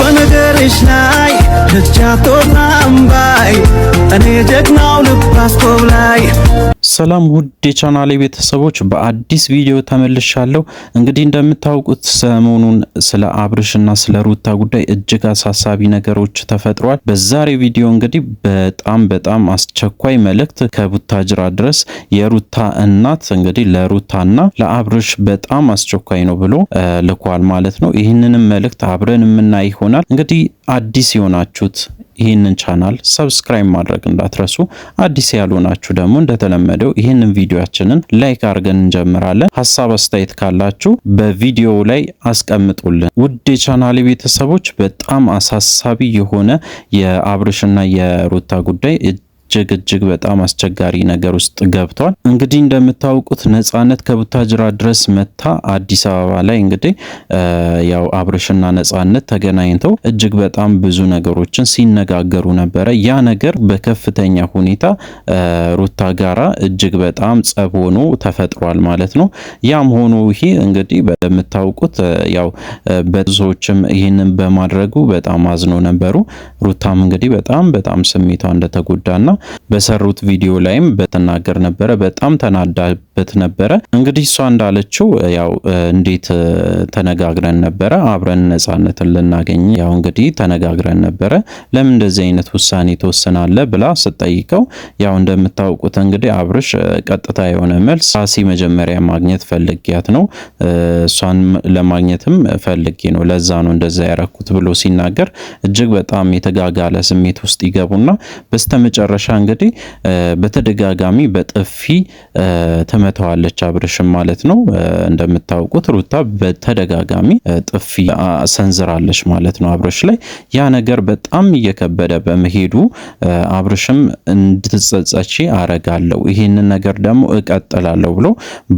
በነገርሽ ላይ ደጃቶ ታምባይ እኔ ጀግናው ልብ ላይ ሰላም ውድ የቻናሌ ቤተሰቦች በአዲስ ቪዲዮ ተመልሻለሁ። እንግዲህ እንደምታውቁት ሰሞኑን ስለ አብርሽና ስለ ሩታ ጉዳይ እጅግ አሳሳቢ ነገሮች ተፈጥሯል። በዛሬ ቪዲዮ እንግዲህ በጣም በጣም አስቸኳይ መልእክት ከቡታጅራ ድረስ የሩታ እናት እንግዲህ ለሩታና ለአብርሽ በጣም አስቸኳይ ነው ብሎ ልኳል ማለት ነው። ይህንንም መልእክት አብረን የምናይ ይሆናል። እንግዲህ አዲስ የሆናችሁት ይህንን ቻናል ሰብስክራይብ ማድረግ እንዳትረሱ። አዲስ ያሉ ናችሁ ደግሞ እንደተለመደው ይህንን ቪዲዮችንን ላይክ አድርገን እንጀምራለን። ሀሳብ አስተያየት ካላችሁ በቪዲዮው ላይ አስቀምጡልን። ውድ የቻናሌ ቤተሰቦች በጣም አሳሳቢ የሆነ የአብርሽና የሩታ ጉዳይ እጅግ እጅግ በጣም አስቸጋሪ ነገር ውስጥ ገብቷል። እንግዲህ እንደምታውቁት ነጻነት ከቡታጅራ ድረስ መታ አዲስ አበባ ላይ እንግዲህ ያው አብርሽና ነጻነት ተገናኝተው እጅግ በጣም ብዙ ነገሮችን ሲነጋገሩ ነበረ። ያ ነገር በከፍተኛ ሁኔታ ሩታ ጋራ እጅግ በጣም ጸብ ሆኖ ተፈጥሯል ማለት ነው። ያም ሆኖ ይሄ እንግዲህ እንደምታውቁት ያው በብዙዎችም ይህንን በማድረጉ በጣም አዝኖ ነበሩ። ሩታም እንግዲህ በጣም በጣም ስሜቷ እንደተጎዳና በሰሩት ቪዲዮ ላይም በተናገር ነበረ። በጣም ተናዳበት ነበረ። እንግዲህ እሷ እንዳለችው ያው እንዴት ተነጋግረን ነበረ አብረን ነጻነትን ልናገኝ ያው እንግዲህ ተነጋግረን ነበረ፣ ለምን እንደዚህ አይነት ውሳኔ ተወሰናለ ብላ ስጠይቀው ያው እንደምታውቁት እንግዲህ አብርሽ ቀጥታ የሆነ መልስ ራሴ መጀመሪያ ማግኘት ፈልጊያት ነው እሷን ለማግኘትም ፈልጌ ነው ለዛ ነው እንደዛ ያረኩት ብሎ ሲናገር እጅግ በጣም የተጋጋለ ስሜት ውስጥ ይገቡና በስተመጨረሻ እንግዲህ በተደጋጋሚ በጥፊ ተመተዋለች አብርሽም ማለት ነው። እንደምታውቁት ሩታ በተደጋጋሚ ጥፊ ሰንዝራለች ማለት ነው አብርሽ ላይ። ያ ነገር በጣም እየከበደ በመሄዱ አብርሽም እንድትጸጸች አረጋለሁ፣ ይህንን ነገር ደግሞ እቀጥላለሁ ብሎ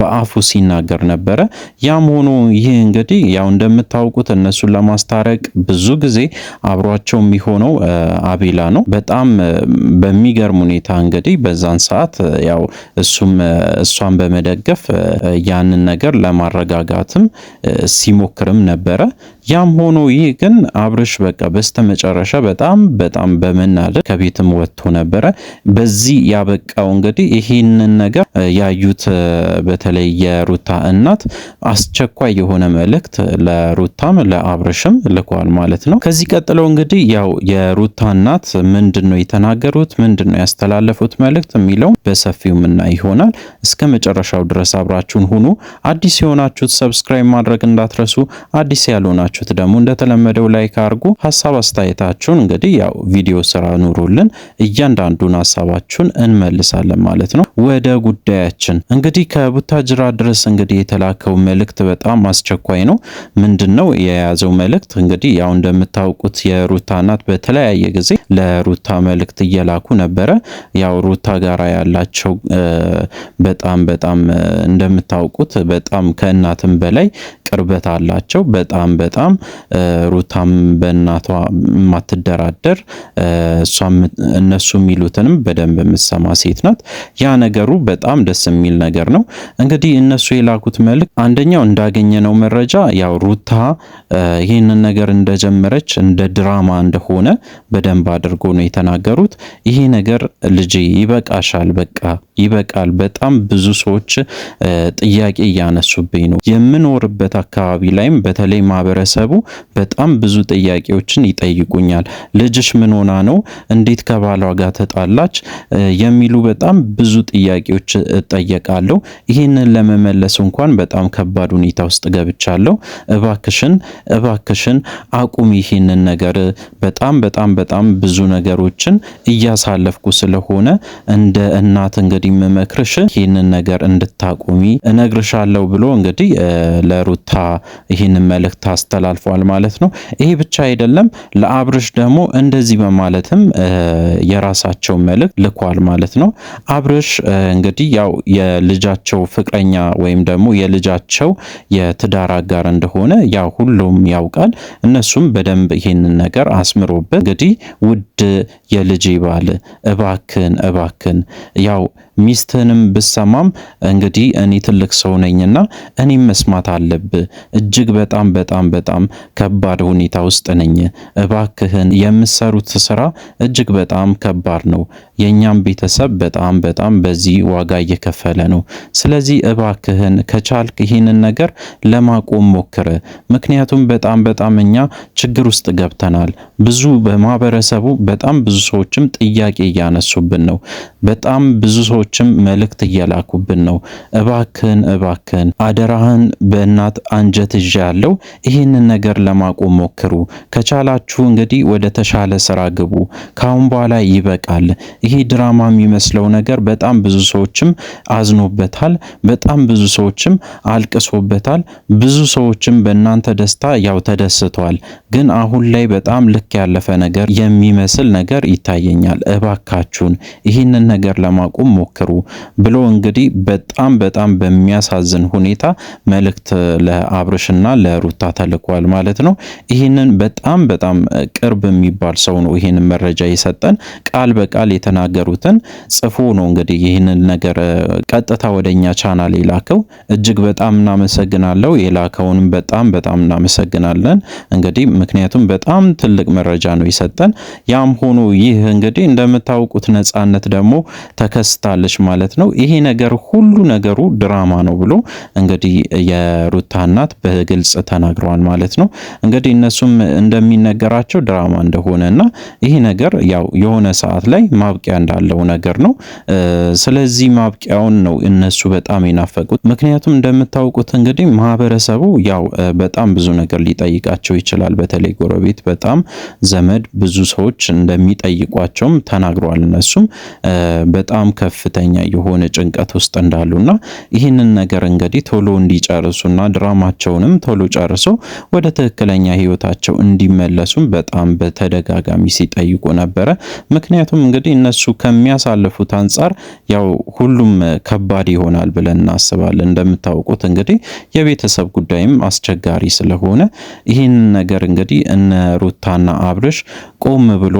በአፉ ሲናገር ነበረ። ያም ሆኖ ይህ እንግዲህ ያው እንደምታውቁት እነሱን ለማስታረቅ ብዙ ጊዜ አብሯቸው የሚሆነው አቤላ ነው በጣም በሚገ በሚገርም ሁኔታ እንግዲህ በዛን ሰዓት ያው እሱም እሷን በመደገፍ ያንን ነገር ለማረጋጋትም ሲሞክርም ነበረ። ያም ሆኖ ይህ ግን አብርሽ በቃ በስተመጨረሻ በጣም በጣም በመናደድ ከቤትም ወጥቶ ነበረ። በዚህ ያበቃው እንግዲህ ይህንን ነገር ያዩት በተለይ የሩታ እናት አስቸኳይ የሆነ መልእክት ለሩታም ለአብርሽም ልኳል ማለት ነው። ከዚህ ቀጥሎ እንግዲህ ያው የሩታ እናት ምንድን ነው የተናገሩት፣ ምንድን ነው ያስተላለፉት መልእክት የሚለው በሰፊው ምና ይሆናል። እስከ መጨረሻው ድረስ አብራችሁን ሁኑ። አዲስ የሆናችሁት ሰብስክራይብ ማድረግ እንዳትረሱ። አዲስ ያልሆናችሁ ከሆናችሁት ደግሞ እንደተለመደው ላይክ አርጉ። ሀሳብ አስተያየታችሁን እንግዲህ ያው ቪዲዮ ስራ ኑሮልን እያንዳንዱን ሀሳባችሁን እንመልሳለን ማለት ነው። ወደ ጉዳያችን እንግዲህ ከቡታጅራ ድረስ እንግዲህ የተላከው መልእክት በጣም አስቸኳይ ነው። ምንድን ነው የያዘው መልእክት? እንግዲህ ያው እንደምታውቁት የሩታ እናት በተለያየ ጊዜ ለሩታ መልእክት እየላኩ ነበረ። ያው ሩታ ጋራ ያላቸው በጣም በጣም እንደምታውቁት በጣም ከእናትም በላይ ቅርበት አላቸው። በጣም በጣም ሩታም በእናቷ የማትደራደር እነሱ የሚሉትንም በደንብ የምትሰማ ሴት ናት። ያ ነገሩ በጣም ደስ የሚል ነገር ነው። እንግዲህ እነሱ የላኩት መልእክት አንደኛው እንዳገኘነው መረጃ ያው ሩታ ይህንን ነገር እንደጀመረች እንደ ድራማ እንደሆነ በደንብ አድርጎ ነው የተናገሩት። ይሄ ነገር ልጄ ይበቃሻል፣ በቃ ይበቃል። በጣም ብዙ ሰዎች ጥያቄ እያነሱብኝ ነው የምኖርበት አካባቢ ላይም በተለይ ማህበረሰቡ በጣም ብዙ ጥያቄዎችን ይጠይቁኛል። ልጅሽ ምን ሆና ነው? እንዴት ከባሏ ጋር ተጣላች? የሚሉ በጣም ብዙ ጥያቄዎች እጠየቃለሁ። ይህንን ለመመለስ እንኳን በጣም ከባድ ሁኔታ ውስጥ ገብቻለሁ። እባክሽን እባክሽን አቁም ይህንን ነገር በጣም በጣም በጣም ብዙ ነገሮችን እያሳለፍኩ ስለሆነ እንደ እናት እንግዲህ የምመክርሽ ይህንን ነገር እንድታቁሚ እነግርሻለሁ ብሎ እንግዲህ ለሩታ ታ ይህንን መልእክት አስተላልፏል ማለት ነው። ይሄ ብቻ አይደለም፣ ለአብርሽ ደግሞ እንደዚህ በማለትም የራሳቸው መልእክት ልኳል ማለት ነው። አብርሽ እንግዲህ ያው የልጃቸው ፍቅረኛ ወይም ደግሞ የልጃቸው የትዳር አጋር እንደሆነ ያው ሁሉም ያውቃል። እነሱም በደንብ ይህንን ነገር አስምሮበት እንግዲህ ውድ የልጄ ባል እባክን እባክን ያው ሚስትህንም ብሰማም እንግዲህ እኔ ትልቅ ሰው ነኝና እኔም መስማት አለብህ። እጅግ በጣም በጣም በጣም ከባድ ሁኔታ ውስጥ ነኝ። እባክህን የምሰሩት ስራ እጅግ በጣም ከባድ ነው። የእኛም ቤተሰብ በጣም በጣም በዚህ ዋጋ እየከፈለ ነው። ስለዚህ እባክህን ከቻልክ ይህንን ነገር ለማቆም ሞክር። ምክንያቱም በጣም በጣም እኛ ችግር ውስጥ ገብተናል። ብዙ በማህበረሰቡ በጣም ብዙ ሰዎችም ጥያቄ እያነሱብን ነው። በጣም ብዙ ሰዎች ሰዎችም መልእክት እየላኩብን ነው። እባክን እባክን አደራህን በእናት አንጀት ይዤ ያለው ይህንን ነገር ለማቆም ሞክሩ። ከቻላችሁ እንግዲህ ወደ ተሻለ ስራ ግቡ። ካሁን በኋላ ይበቃል። ይሄ ድራማ የሚመስለው ነገር በጣም ብዙ ሰዎችም አዝኖበታል። በጣም ብዙ ሰዎችም አልቅሶበታል። ብዙ ሰዎችም በእናንተ ደስታ ያው ተደስቷል ግን አሁን ላይ በጣም ልክ ያለፈ ነገር የሚመስል ነገር ይታየኛል። እባካችሁን ይህንን ነገር ለማቆም ሞክሩ። ሞክሩ ብሎ እንግዲህ በጣም በጣም በሚያሳዝን ሁኔታ መልእክት ለአብርሽና ለሩታ ተልኳል ማለት ነው። ይህንን በጣም በጣም ቅርብ የሚባል ሰው ነው ይህንን መረጃ የሰጠን። ቃል በቃል የተናገሩትን ጽፎ ነው እንግዲህ ይህንን ነገር ቀጥታ ወደኛ ቻናል የላከው። እጅግ በጣም እናመሰግናለሁ። የላከውንም በጣም በጣም እናመሰግናለን። እንግዲህ ምክንያቱም በጣም ትልቅ መረጃ ነው የሰጠን። ያም ሆኖ ይህ እንግዲህ እንደምታውቁት ነጻነት ደግሞ ተከስታል ትችላለች ማለት ነው። ይሄ ነገር ሁሉ ነገሩ ድራማ ነው ብሎ እንግዲህ የሩታ እናት በግልጽ ተናግረዋል ማለት ነው። እንግዲህ እነሱም እንደሚነገራቸው ድራማ እንደሆነ እና ይሄ ነገር ያው የሆነ ሰዓት ላይ ማብቂያ እንዳለው ነገር ነው። ስለዚህ ማብቂያውን ነው እነሱ በጣም የናፈቁት። ምክንያቱም እንደምታውቁት እንግዲህ ማህበረሰቡ ያው በጣም ብዙ ነገር ሊጠይቃቸው ይችላል። በተለይ ጎረቤት፣ በጣም ዘመድ ብዙ ሰዎች እንደሚጠይቋቸውም ተናግረዋል። እነሱም በጣም ከፍ ከፍተኛ የሆነ ጭንቀት ውስጥ እንዳሉና ይህንን ነገር እንግዲህ ቶሎ እንዲጨርሱና ድራማቸውንም ቶሎ ጨርሶ ወደ ትክክለኛ ህይወታቸው እንዲመለሱም በጣም በተደጋጋሚ ሲጠይቁ ነበረ። ምክንያቱም እንግዲህ እነሱ ከሚያሳልፉት አንጻር ያው ሁሉም ከባድ ይሆናል ብለን እናስባለን። እንደምታውቁት እንግዲህ የቤተሰብ ጉዳይም አስቸጋሪ ስለሆነ ይህንን ነገር እንግዲህ እነ ሩታና አብርሽ ቆም ብሎ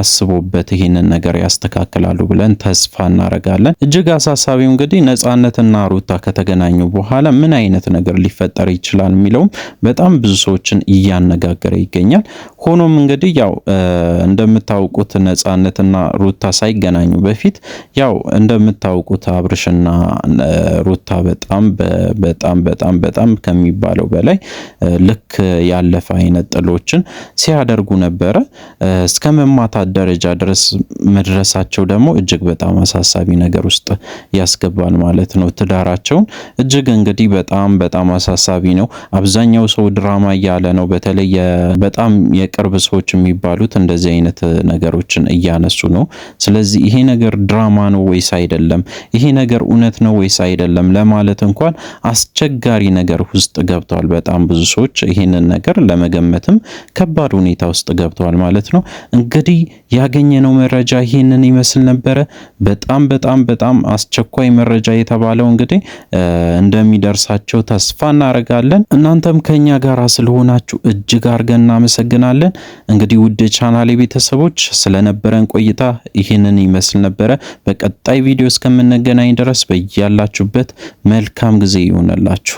አስቦበት ይህንን ነገር ያስተካክላሉ ብለን ተስፋ እናደርጋለን። እጅግ አሳሳቢው እንግዲህ ነጻነትና ሩታ ከተገናኙ በኋላ ምን አይነት ነገር ሊፈጠር ይችላል የሚለውም በጣም ብዙ ሰዎችን እያነጋገረ ይገኛል። ሆኖም እንግዲህ ያው እንደምታውቁት ነፃነትና ሩታ ሳይገናኙ በፊት ያው እንደምታውቁት አብርሽና ሩታ በጣም በጣም በጣም በጣም ከሚባለው በላይ ልክ ያለፈ አይነት ጥሎችን ሲያደርጉ ነበረ። እስከ መማታት ደረጃ ድረስ መድረሳቸው ደግሞ እጅግ በጣም አሳሳቢ ነገር ውስጥ ያስገባል ማለት ነው ትዳራቸውን። እጅግ እንግዲህ በጣም በጣም አሳሳቢ ነው። አብዛኛው ሰው ድራማ እያለ ነው። በተለይ በጣም የቅርብ ሰዎች የሚባሉት እንደዚህ አይነት ነገሮችን እያነሱ ነው። ስለዚህ ይሄ ነገር ድራማ ነው ወይስ አይደለም? ይሄ ነገር እውነት ነው ወይስ አይደለም ለማለት እንኳን አስቸጋሪ ነገር ውስጥ ገብተዋል። በጣም ብዙ ሰዎች ይህንን ነገር ለመገመትም ከባድ ሁኔታ ውስጥ ገብተዋል ማለት ማለት ነው። እንግዲህ ያገኘነው መረጃ ይህንን ይመስል ነበረ። በጣም በጣም በጣም አስቸኳይ መረጃ የተባለው እንግዲህ እንደሚደርሳቸው ተስፋ እናደርጋለን። እናንተም ከኛ ጋር ስለሆናችሁ እጅግ አድርገን እናመሰግናለን። እንግዲህ ውድ ቻናሌ ቤተሰቦች ስለነበረን ቆይታ ይህንን ይመስል ነበረ። በቀጣይ ቪዲዮ እስከምንገናኝ ድረስ በያላችሁበት መልካም ጊዜ ይሆነላችሁ።